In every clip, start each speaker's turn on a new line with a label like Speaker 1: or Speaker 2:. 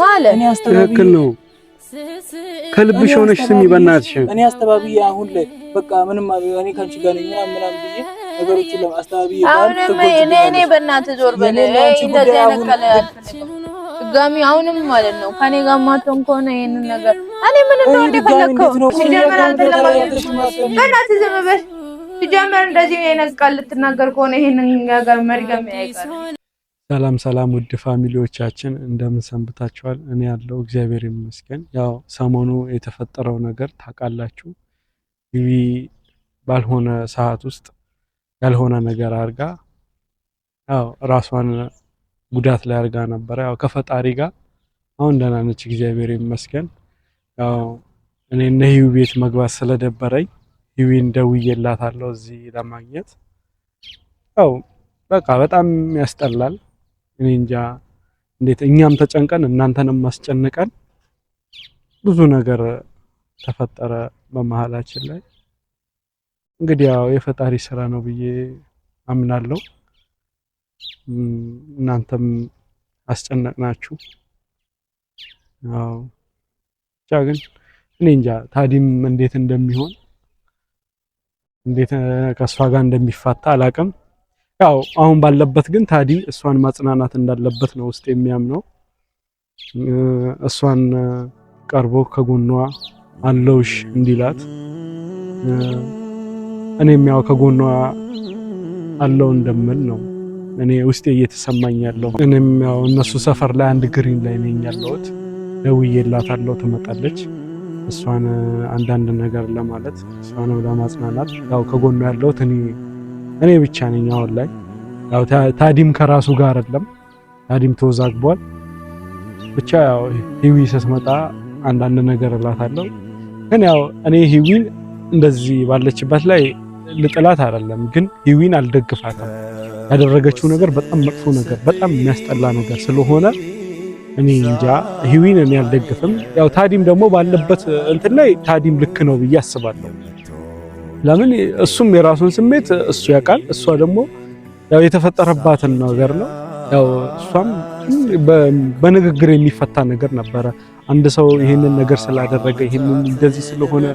Speaker 1: ማለት
Speaker 2: ትክክል ነው። ከልብሽ ሆነሽ ስሚ፣ በእናትሽ
Speaker 1: እኔ አስተባብዬ አሁን ላይ በቃ ምንም እኔ ከአንቺ ጋር ነኝ ምናምን ምናምን ብዬ ነገሮችን ለማስተባብዬ
Speaker 3: እኔ እኔ በእናትህ ዞር በል። እንደዚህ አይነት ቀላ ድጋሚ አሁንም ማለት ነው ጋር ማተን ከሆነ ይሄንን ነገር እኔ ሲጀመር አንተ ለማለት በእናትህ ሲጀመር እንደዚህ አይነት ቃል ልትናገር ከሆነ ይሄንን ነገር መድገም
Speaker 2: ሰላም ሰላም ውድ ፋሚሊዎቻችን እንደምን ሰንብታችኋል? እኔ ያለው እግዚአብሔር ይመስገን። ያው ሰሞኑ የተፈጠረው ነገር ታውቃላችሁ። ቲቪ ባልሆነ ሰዓት ውስጥ ያልሆነ ነገር አድርጋ ያው ራሷን ጉዳት ላይ አድርጋ ነበረ። ያው ከፈጣሪ ጋር አሁን ደህና ነች፣ እግዚአብሔር ይመስገን። ያው እኔ እነ ሂዊ ቤት መግባት ስለደበረኝ ሂዊን ደውዬላታለሁ እዚህ ለማግኘት ያው በቃ በጣም ያስጠላል እኔ እንጃ እንዴት እኛም ተጨንቀን እናንተንም ማስጨንቀን ብዙ ነገር ተፈጠረ በመሀላችን ላይ። እንግዲህ ያው የፈጣሪ ስራ ነው ብዬ አምናለሁ። እናንተም አስጨነቅናችሁ። ያው ብቻ ግን እኔ እንጃ ታዲም እንዴት እንደሚሆን እንዴት ከእሷ ጋር እንደሚፋታ አላቅም። ያው አሁን ባለበት ግን ታዲ እሷን ማጽናናት እንዳለበት ነው ውስጥ የሚያምነው። እሷን ቀርቦ ከጎኗ አለውሽ እንዲላት እኔም ያው ከጎኗ አለው እንደምል ነው እኔ ውስጤ እየተሰማኝ ያለው። እኔም ያው እነሱ ሰፈር ላይ አንድ ግሪን ላይ ነኝ ያለሁት። ደውዬላታለሁ፣ ትመጣለች። እሷን አንዳንድ ነገር ለማለት እሷንም ለማጽናናት ያው ከጎኗ ያለሁት እኔ እኔ ብቻ ነኝ አሁን ላይ። ያው ታዲም ከራሱ ጋር አይደለም፣ ታዲም ተወዛግቧል። ብቻ ያው ሂዊ ስትመጣ አንዳንድ ነገር እላታለሁ፣ ግን ያው እኔ ሂዊን እንደዚህ ባለችበት ላይ ልጥላት አይደለም፣ ግን ሂዊን አልደግፋትም። ያደረገችው ነገር በጣም መጥፎ ነገር፣ በጣም የሚያስጠላ ነገር ስለሆነ እኔ እንጃ ሂዊን እኔ አልደግፍም። ያው ታዲም ደግሞ ባለበት እንትን ላይ ታዲም ልክ ነው ብዬ አስባለሁ። ለምን እሱም የራሱን ስሜት እሱ ያውቃል። እሷ ደግሞ ያው የተፈጠረባትን ነገር ነው። ያው እሷም በንግግር የሚፈታ ነገር ነበረ። አንድ ሰው ይህንን ነገር ስላደረገ ይህንን እንደዚህ ስለሆነ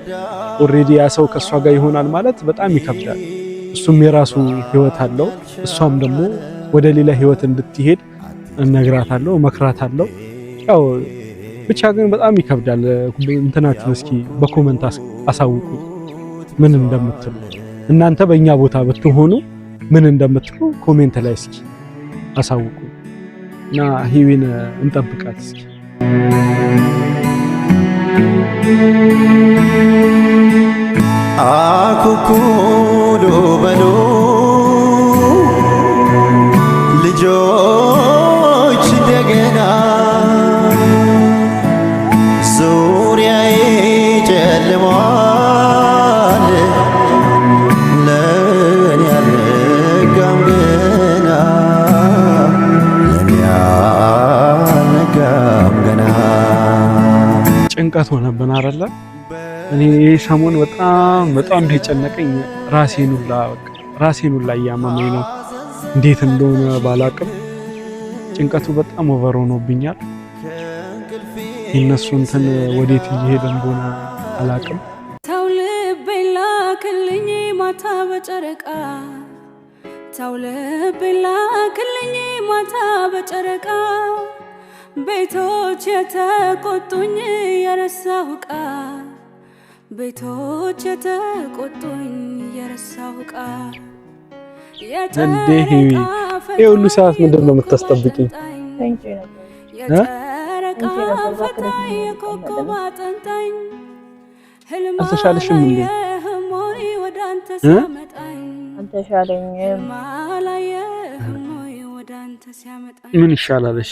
Speaker 2: ኦሬዲ ያ ሰው ከእሷ ጋር ይሆናል ማለት በጣም ይከብዳል። እሱም የራሱ ህይወት አለው። እሷም ደግሞ ወደ ሌላ ህይወት እንድትሄድ እነግራታለሁ፣ እመክራታለሁ። ያው ብቻ ግን በጣም ይከብዳል። እንትናችሁ እስኪ በኮመንት አሳውቁ። ምን እንደምትሉ እናንተ በእኛ ቦታ ብትሆኑ ምን እንደምትሉ ኮሜንት ላይ እስኪ አሳውቁ እና ሂዊን እንጠብቃት እስኪ። አኩኩሉ በሉ ልጆ ስጋት ሆነብን አይደለ? እኔ ይህ ሰሞን በጣም በጣም የጨነቀኝ ራሴን ሁላ በቃ ራሴን ሁላ እያመመኝ ነው። እንዴት እንደሆነ ባላቅም ጭንቀቱ በጣም ኦቨር ሆኖብኛል። የእነሱ እንትን ወዴት እየሄደ እንደሆነ አላቅም። ተው ልቤን ላክልኝ ማታ በጨረቃ ተው ልቤን ላክልኝ ማታ በጨረቃ ቤቶች የተቆጡኝ የረሳው ቃል ቤቶች የተቆጡኝ የረሳሁ ቃል እንዴ ሂዊ ይሄ ሁሉ ሰዓት ምንድን ነው የምታስጠብቂኝ? የጨረቃ
Speaker 3: ፈታይ የኮከብ አጠንጣኝ
Speaker 2: አልተሻለሽም እንዴ? ምን ይሻላለሽ?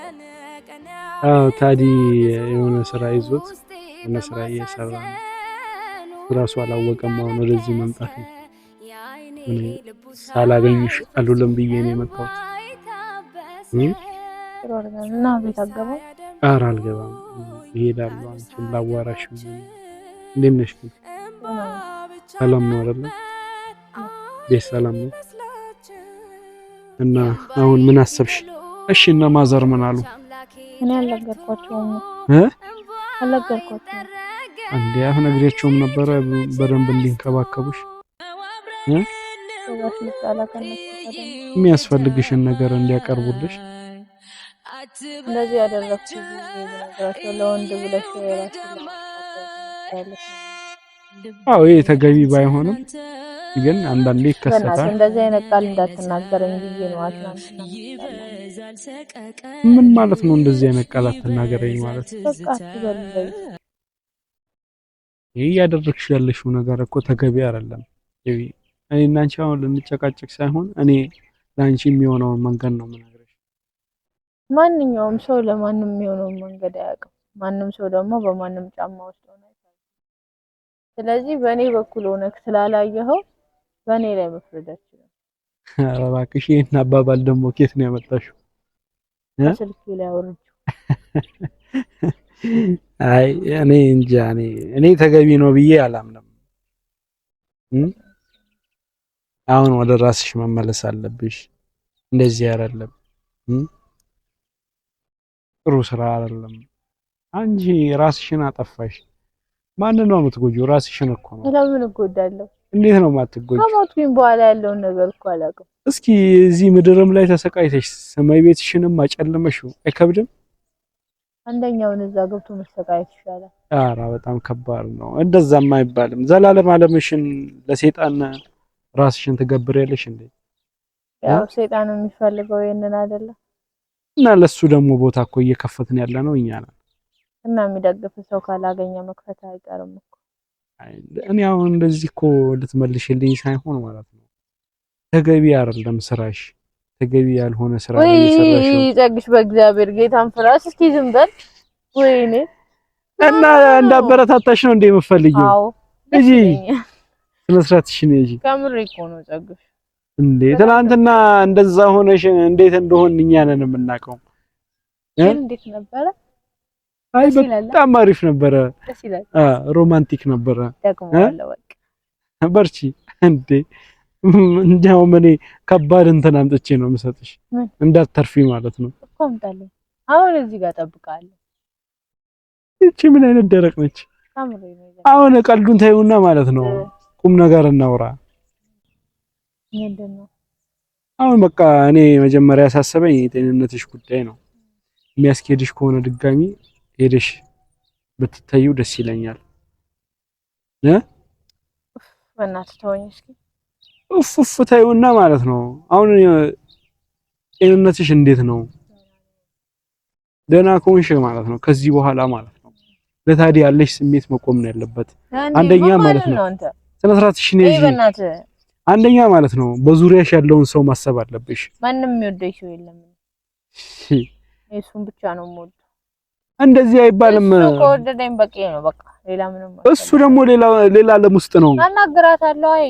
Speaker 2: ታዲ የሆነ ስራ ይዞት የሆነ ስራ እየሰራ ነው። ራሱ አላወቀም። አሁን ወደዚህ መምጣት ነው። ሳላገኝሽ አሉለም ብዬ ነው የመጣሁት። እና አልገባም፣ ይሄዳሉ። አንቺን ላዋራሽ። እንዴት ነሽ ግን? ሰላም ነው አይደለ? ቤት ሰላም ነው? እና አሁን ምን አሰብሽ? እሺ እና ማዘር ምን አሉ?
Speaker 3: እኔ አልነገርኳቸውም አልነገርኳቸውም
Speaker 2: እንዴ አትነግሪያቸውም ነበረ በደንብ እንዲንከባከቡሽ የሚያስፈልግሽን ነገር እንዲያቀርቡልሽ
Speaker 3: እንደዚህ ያደረኩት ለወንድ ብለሽ
Speaker 2: አዎ ይሄ ተገቢ ባይሆንም ግን አንዳንዴ ይከሰታል።
Speaker 3: እንደዚህ አይነት ቃል እንዳትናገረኝ ብዬ ነው።
Speaker 2: ምን ማለት ነው? እንደዚህ አይነት ቃል አትናገረኝ ማለት ይህ እያደረግሽ ያለሽው ነገር እኮ ተገቢ አይደለም። እኔ እና አንቺ አሁን ልንጨቃጨቅ ሳይሆን እኔ ለአንቺ የሚሆነውን መንገድ ነው የምነግርሽ።
Speaker 3: ማንኛውም ሰው ለማንም የሚሆነውን መንገድ አያውቅም። ማንም ሰው ደግሞ በማንም ጫማ ውስጥ ሆነ ስለዚህ በእኔ በኩል ሆነክ ስላላየኸው በእኔ ላይ መፍረዳችሁ።
Speaker 2: ኧረ እባክሽ ይሄን አባባል ደግሞ ኬት ነው ያመጣሽው? ስልክ
Speaker 3: ላይ አውርጄው።
Speaker 2: አይ እኔ እንጃ እኔ እኔ ተገቢ ነው ብዬ አላምንም። አሁን ወደ ራስሽ መመለስ አለብሽ። እንደዚህ አይደለም፣ ጥሩ ስራ አይደለም። አንቺ ራስሽን አጠፋሽ። ማንን ነው የምትጎጂው? ራስሽን እኮ ነው።
Speaker 3: ለምን እጎዳለሁ?
Speaker 2: እንዴት ነው የማትጎጂው?
Speaker 3: ከሞትኩኝ በኋላ ያለውን ነገር እኮ አላውቅም።
Speaker 2: እስኪ እዚህ ምድርም ላይ ተሰቃይተሽ ሰማይ ቤትሽንም አጨልመሽው አይከብድም?
Speaker 3: አንደኛውን እዛ ገብቶ መሰቃየት ይሻላል።
Speaker 2: ኧረ በጣም ከባድ ነው። እንደዛም አይባልም። ዘላለም አለምሽን ለሰይጣን ራስሽን ትገብሪያለሽ እንዴ?
Speaker 3: ያው ሰይጣን የሚፈልገው ይሄንን አይደለ?
Speaker 2: እና ለሱ ደግሞ ቦታ እኮ እየከፈትን ያለ ነው እኛ ነን።
Speaker 3: እና የሚደግፍ ሰው ካላገኘ መክፈት አይቀርም እኮ
Speaker 2: እኔ አሁን እንደዚህ እኮ ልትመልሽልኝ ሳይሆን ማለት ነው ተገቢ አይደለም ስራሽ፣ ተገቢ ያልሆነ ስራ ነው
Speaker 3: ይጠግሽ በእግዚአብሔር ጌታን ፍራሽ። እስኪ ዝም በል ወይኔ።
Speaker 2: እና እንዳበረታታሽ ነው እንደ የምፈልጊው። አዎ እጂ ስነስርዓትሽ ነው እጂ።
Speaker 3: ከምሬ እኮ ነው ጸግሽ።
Speaker 2: እንዴ ትናንትና እንደዛ ሆነሽ እንዴት እንደሆን እኛ ነን የምናውቀው። እንዴት ነበረ አይ በጣም አሪፍ ነበረ። ሮማንቲክ ነበረ። በርቺ እንዴ! እንዲያውም እኔ ከባድ እንትን አምጥቼ ነው የምሰጥሽ፣ እንዳትተርፊ ማለት ነው።
Speaker 3: አሁን እዚህ ጋር እጠብቅሃለሁ።
Speaker 2: እቺ ምን አይነት ደረቅ ነች? አሁን ቀልዱን ታዩና ማለት ነው። ቁም ነገር እናውራ። አሁን በቃ እኔ መጀመሪያ ያሳሰበኝ የጤንነትሽ ጉዳይ ነው። የሚያስኬድሽ ከሆነ ድጋሚ ሄደሽ ብትታዩ ደስ ይለኛል። በእናትህ እፍ ማለት ነው። አሁን ጤንነትሽ እንዴት ነው? ደህና ከሆንሽ ማለት ነው ከዚህ በኋላ ማለት ነው ለታዲ ያለሽ ስሜት መቆም ነው ያለበት። አንደኛ ማለት ነው ስነ ስርዓትሽ አንደኛ ማለት ነው በዙሪያሽ ያለውን ሰው ማሰብ አለብሽ።
Speaker 3: ማንም የሚወደው የለም። እሱን ብቻ ነው የምወደው
Speaker 2: እንደዚህ አይባልም።
Speaker 3: ከወደደኝ በቂ ነው። በቃ
Speaker 2: እሱ ደግሞ ሌላ ሌላ ዓለም ውስጥ ነው።
Speaker 3: አናግራታለሁ። አይ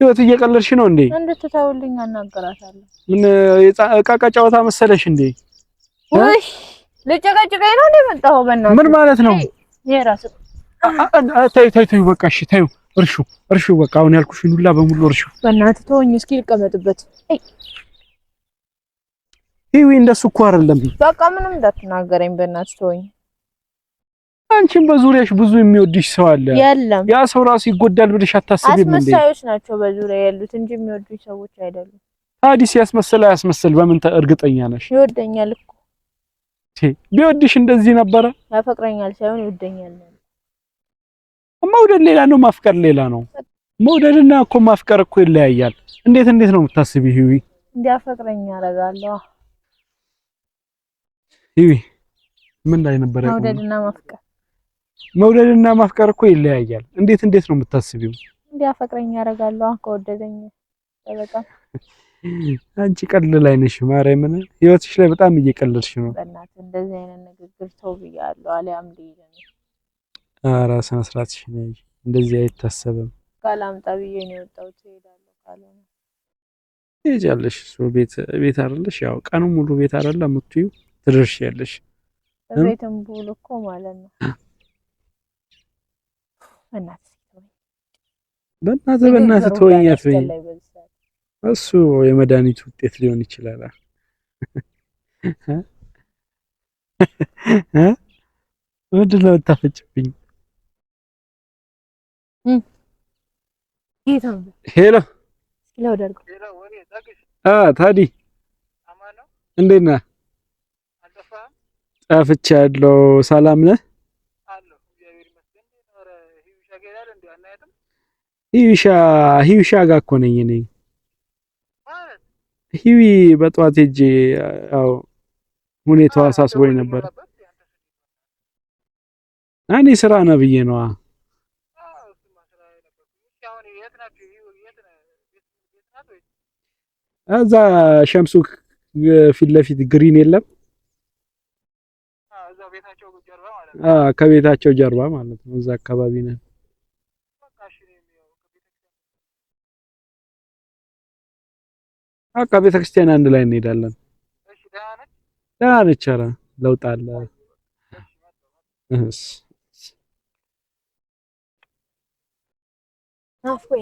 Speaker 2: ህይወት እየቀለድሽ ነው እንዴ?
Speaker 3: እንድትተውልኝ አናግራታለሁ።
Speaker 2: ምን ዕቃ ጨዋታ መሰለሽ እንዴ?
Speaker 3: ውይ ልጨቀጭቀኝ ነው በእናትህ ምን ማለት ነው? የራስህ
Speaker 2: ተይው ተይው ተይው፣ በቃ እሺ ተይው። እርሹ እርሹ፣ በቃ አሁን ያልኩሽን ሁላ በሙሉ እርሹ።
Speaker 3: በእናትህ ተወኝ እስኪ ልቀመጥበት።
Speaker 2: ይሄ እንደሱ እኮ አይደለም።
Speaker 3: በቃ ምንም እንዳትናገረኝ በእናትሽ ተወኝ።
Speaker 2: አንቺም በዙሪያሽ ብዙ የሚወድሽ ሰው አለ። የለም ያ ሰው ራሱ ይጎዳል ብለሽ አታስቢም
Speaker 3: እንዴ? አስመሳዮች ናቸው በዙሪያ ያሉት እንጂ የሚወዱኝ ሰዎች አይደሉም።
Speaker 2: ታዲስ ያስመስል አያስመስል በምን እርግጠኛ ነሽ?
Speaker 3: ይወደኛል እኮ
Speaker 2: ቢወድሽ እንደዚህ ነበረ።
Speaker 3: ያፈቅረኛል ሳይሆን ይወደኛል።
Speaker 2: መውደድ ሌላ ነው፣ ማፍቀር ሌላ ነው። መውደድና እኮ ማፍቀር እኮ ይለያያል። እንዴት እንዴት ነው የምታስቢ? ይሁይ
Speaker 3: እንዲያፈቅረኛ አደርጋለሁ
Speaker 2: ይሄ ምን ላይ ነበረ?
Speaker 3: መውደድና ማፍቀር
Speaker 2: መውደድና ማፍቀር እኮ ይለያያል። እንዴት እንዴት ነው የምታስቢው?
Speaker 3: እንዲያፈቅረኝ ያደርጋለሁ ከወደደኝ በቃ
Speaker 2: አንቺ ቀልል አይነሽ ማርያምን፣ ህይወትሽ ላይ በጣም እየቀለልሽ ነው።
Speaker 3: በእናትህ እንደዚህ አይነት ንግግር ተው ብያለሁ። አሊያም ሊይዘኝ
Speaker 2: ኧረ ስነ ስርዓትሽ ነው። እንደዚህ አይታሰብም።
Speaker 3: ካላምጣ ብዬ ነው የወጣሁት። እሄዳለሁ ካልሆነ
Speaker 2: ትሄጃለሽ። እሱ ቤት ቤት አይደለሽ? ያው ቀኑ ሙሉ ቤት አይደለም የምትይው ትደርሻለሽ።
Speaker 3: እቤትም ብውል እኮ ማለት ነው።
Speaker 2: በእናትህ በእናትህ ተወኛት አትበይኝ። እሱ የመድኃኒቱ ውጤት ሊሆን ይችላል። ምንድን ነው የምታፈጭብኝ? ሄሎ ታዲ እንዴት ነህ? ጠፍቻ ያለው ሰላም ነህ? ሂዊሻ ሂዊሻ ጋር እኮ ነኝ እኔ። ሂዊ በጠዋት ሄጄ ያው ሁኔታው አሳስቦኝ ነበር። እኔ ስራ ነው ብዬ ነዋ። እዛ ሸምሱ ፊት ለፊት ግሪን የለም ከቤታቸው ጀርባ ማለት ነው። እዛ አካባቢ ነን። በቃ ቤተ ክርስቲያን አንድ ላይ እንሄዳለን። ደህና ነች። ኧረ ለውጥ አለ።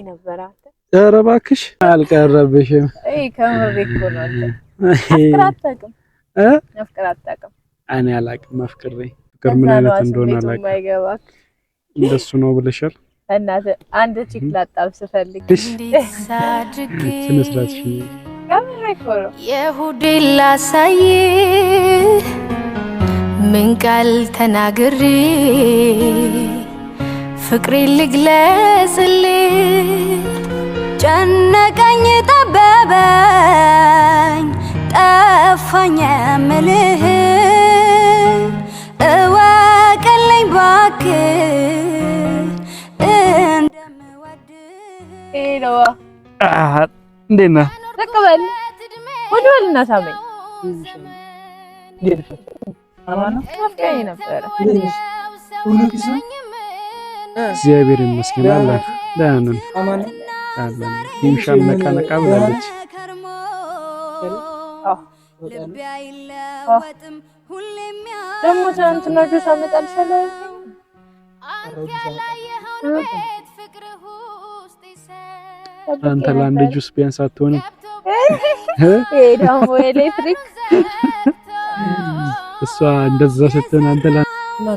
Speaker 2: ነበር። ኧረ እባክሽ አልቀረብሽም።
Speaker 3: አይ ከምሬ ነው። አፍቅር አታውቅም አፍቅር አታውቅም
Speaker 2: እኔ አላቅም። አፍቅሬ ፍቅር ምን አይነት እንደሆነ አላቅም። እንደሱ ነው ብለሻል።
Speaker 3: እናት አንድ ቺክ ላጣብ ስፈልግ
Speaker 2: ስነ ስርዓት
Speaker 3: የሁዴ ላሳይ ምን ቃል ተናግሬ ፍቅሬ ልግለጽል ጨነቀኝ ጠበበኝ ጠፋኝ ምልህ
Speaker 2: የሚለው እንዴት ነህ?
Speaker 3: ዝቅ በል ወደ በልና ሳመኝ ነበረ።
Speaker 2: እግዚአብሔር ይመስገን አላህ ደህና
Speaker 4: ነን።
Speaker 2: ሚሻም ነቃ ነቃ ብላለች።
Speaker 3: ደግሞ ትናንትና ጁስ አመጣልሻለሁ
Speaker 2: አንተ ለአንድ ጁስ ቢያንስ አትሆንም።
Speaker 3: ይሄ ደግሞ ኤሌክትሪክ
Speaker 2: እሷ እንደዛ ስትሆን አንተ እና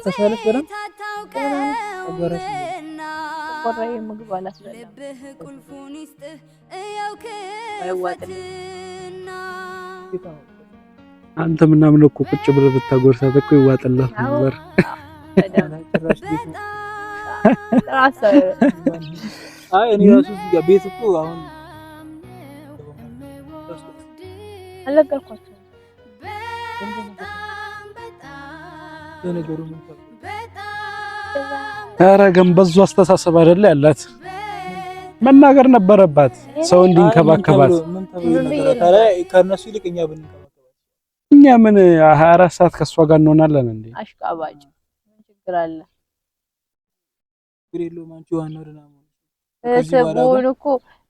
Speaker 2: ተሻለሽ አንተ ምናምን እኮ ቁጭ ብለህ ብታጎርሳት እኮ ይዋጥላት ነበር። አይ እኔ ራሱ ቤት እኮ አሁን
Speaker 3: አልነገርኳቸውም።
Speaker 2: ኧረ ግን በዙ አስተሳሰብ አይደለ ያላት መናገር ነበረባት፣ ሰው እንዲንከባከባት።
Speaker 4: ከነሱ ይልቅ እኛ ብንከባከባት
Speaker 2: እኛ ምን ሀያ አራት ሰዓት ከእሷ ጋር እንሆናለን እንዴ?
Speaker 3: አሽቃባጭ ምን ችግር አለ? ስቡን እኮ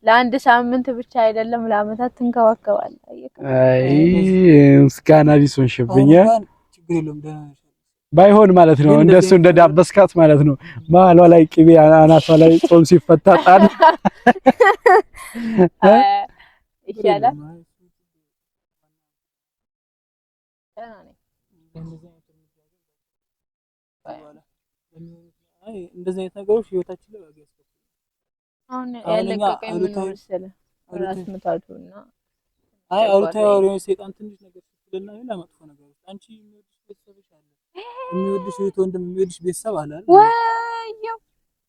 Speaker 3: ለአንድ ሳምንት ብቻ አይደለም ለአመታት ትንከባከባለህ።
Speaker 2: አይ ምስጋና ቢስ ሆንሽብኝ። ባይሆን ማለት ነው እንደሱ እንደዳበስካት ማለት ነው። መሀሏ ላይ ቅቤ አናቷ ላይ ጾም ሲፈታጣል ጣል
Speaker 3: ይሻላል።
Speaker 4: እንደዚህ አይነት ነገሮች ህይወታችን ላይ አሁን አይ ወሬውን ትንሽ ነገር ስትልና መጥፎ ነገር አንቺ የሚወድሽ አለ የሚወድሽ እህት ወንድም የሚወድሽ ቤተሰብ አለ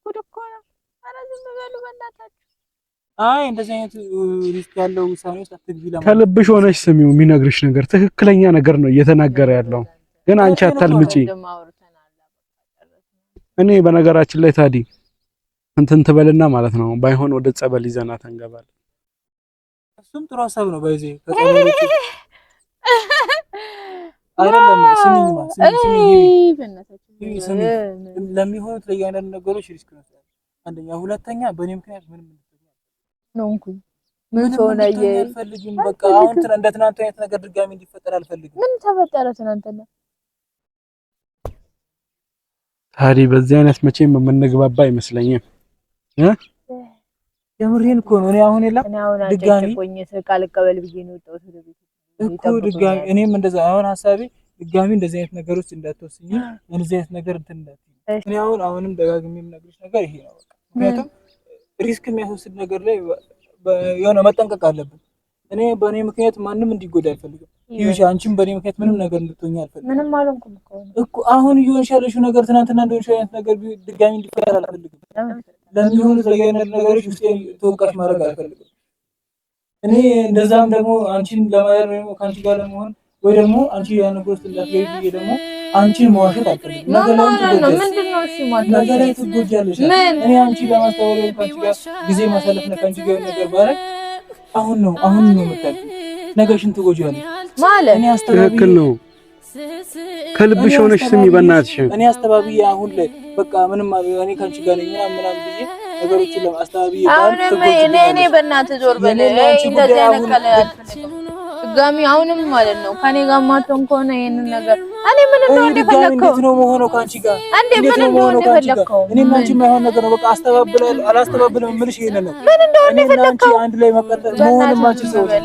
Speaker 3: ጉድ እኮ ነው። ኧረ ዝም በሉ በእናታችሁ።
Speaker 4: አይ እንደዚህ አይነት ሪስክ ያለው ውሳኔ ውስጥ
Speaker 2: አትግቢ። ከልብሽ ሆነሽ ስሚው፣ የሚነግርሽ ነገር ትክክለኛ ነገር ነው እየተናገረ ያለው ግን አንቺ አታልምጪ። እኔ በነገራችን ላይ ታዲ እንትን ትበልና ማለት ነው። ባይሆን ወደ ጸበል ይዘናት እንገባለን።
Speaker 4: እሱም ጥሩ ሀሳብ ነው። በዚህ ለሚሆኑት ለእያንዳንዱ ነገሮች ሪስክ ነው። አንደኛ፣ ሁለተኛ በእኔ ምክንያት ምንም
Speaker 3: ነው እንኩኝ ምን አልፈልግም።
Speaker 4: በቃ አሁን እንደ ትናንቱ አይነት ነገር ድጋሚ እንዲፈጠር አልፈልግም።
Speaker 3: ምን ተፈጠረ ትናንትና?
Speaker 2: ታዲያ በዚህ አይነት መቼም የምንግባባ አይመስለኝም። የምሬን እኮ ነው። እኔ አሁን የለም ድጋሚ
Speaker 4: እኮ ድጋሚ እኔም እንደዛ አሁን ሀሳቤ ድጋሚ እንደዚህ አይነት ነገሮች እንዳትወስኝ፣ እንደዚህ አይነት ነገር እንትን እንዳትኝ። እኔ አሁን አሁንም ደጋግሜ የምነግርሽ ነገር ይሄ ነው። ምክንያቱም ሪስክ የሚያስወስድ ነገር ላይ የሆነ መጠንቀቅ አለብን። እኔ በእኔ ምክንያት ማንም እንዲጎዳ አልፈልግም። ይኸውልሽ አንቺም በእኔ ምክንያት ምንም ነገር እንድትሆኝ አልፈልግም።
Speaker 3: ምንም አልሆንኩም
Speaker 4: እኮ አሁን እየሆንሽ ያለሽው ነገር ትናንትና እንደሆንሽ አይነት ነገር ድጋሚ እንዲፈጠር አልፈልግም። ለሚሆኑ ዘግየነት ነገሮች ውስጤ ተወቃሽ ማድረግ አልፈልግም። እኔ እንደዛም ደግሞ አንቺን ለማየር ወይ ከአንቺ ጋር ለመሆን ወይ ደግሞ አንቺ ያን እንዳትገኝ እንዳትገቢ ብዬ ደግሞ አንቺን መዋሸት አልፈልግም። ነገ ላይ ትጎጃለሽ። እኔ አንቺ ለማስተዋወቅ ወይ ከአንቺ ጋር ጊዜ ማሳለፍ ነው ከአንቺ ጋር ነገር ባረግ አሁን ነው አሁን ነው የምታውቂው ነገሽን ትጎጃለሽ
Speaker 3: ማለት እኔ
Speaker 2: አስተካክል ነው ከልብሽ ሆነሽ ስሚ በእናትሽ።
Speaker 1: እኔ አስተባብዬ አሁን ላይ በቃ ምንም እኔ ካንቺ ጋር ነኝ ምናምን ብዬ ነገሮችን ለማስተባብዬ
Speaker 3: አሁንም እኔ እኔ በእናትህ ዞር በል። እንደዚህ አይነት ቀላል አልፈልግም ድጋሚ አሁንም ማለት ነው። ከኔ ጋር ማተን ከሆነ ይሄንን ነገር እኔ ምን እንደሆነ እንደፈለከው
Speaker 4: ነው መሆነው ካንቺ ጋር
Speaker 3: እንዴ ምን ነው እንደፈለከው
Speaker 4: እኔ ማንቺ የማይሆን ነገር ነው። በቃ አስተባብላል አላስተባብልም የምልሽ ይሄንን ነው።
Speaker 3: ምን እንደሆነ እንደፈለከው
Speaker 4: አንድ ላይ መቀጠል መሆንም ማንቺ ሰው ነው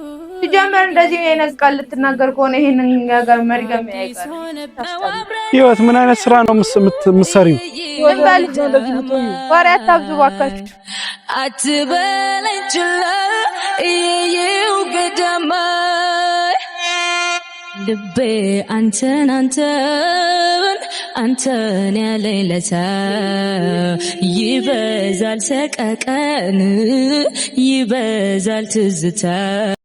Speaker 3: ሲጀመር እንደዚህ አይነት ቃል ልትናገር ከሆነ ይሄንን ነገር መድገም አይቀርም።
Speaker 2: ህይወት ምን አይነት ስራ ነው የምትሰሪው?
Speaker 3: ወሬ አታብዙ ባካችሁ። አትበለችላ እየየው ገደማ ልቤ አንተን አንተን አንተን ያለኝ ለታ ይበዛል ሰቀቀን ይበዛል ትዝታ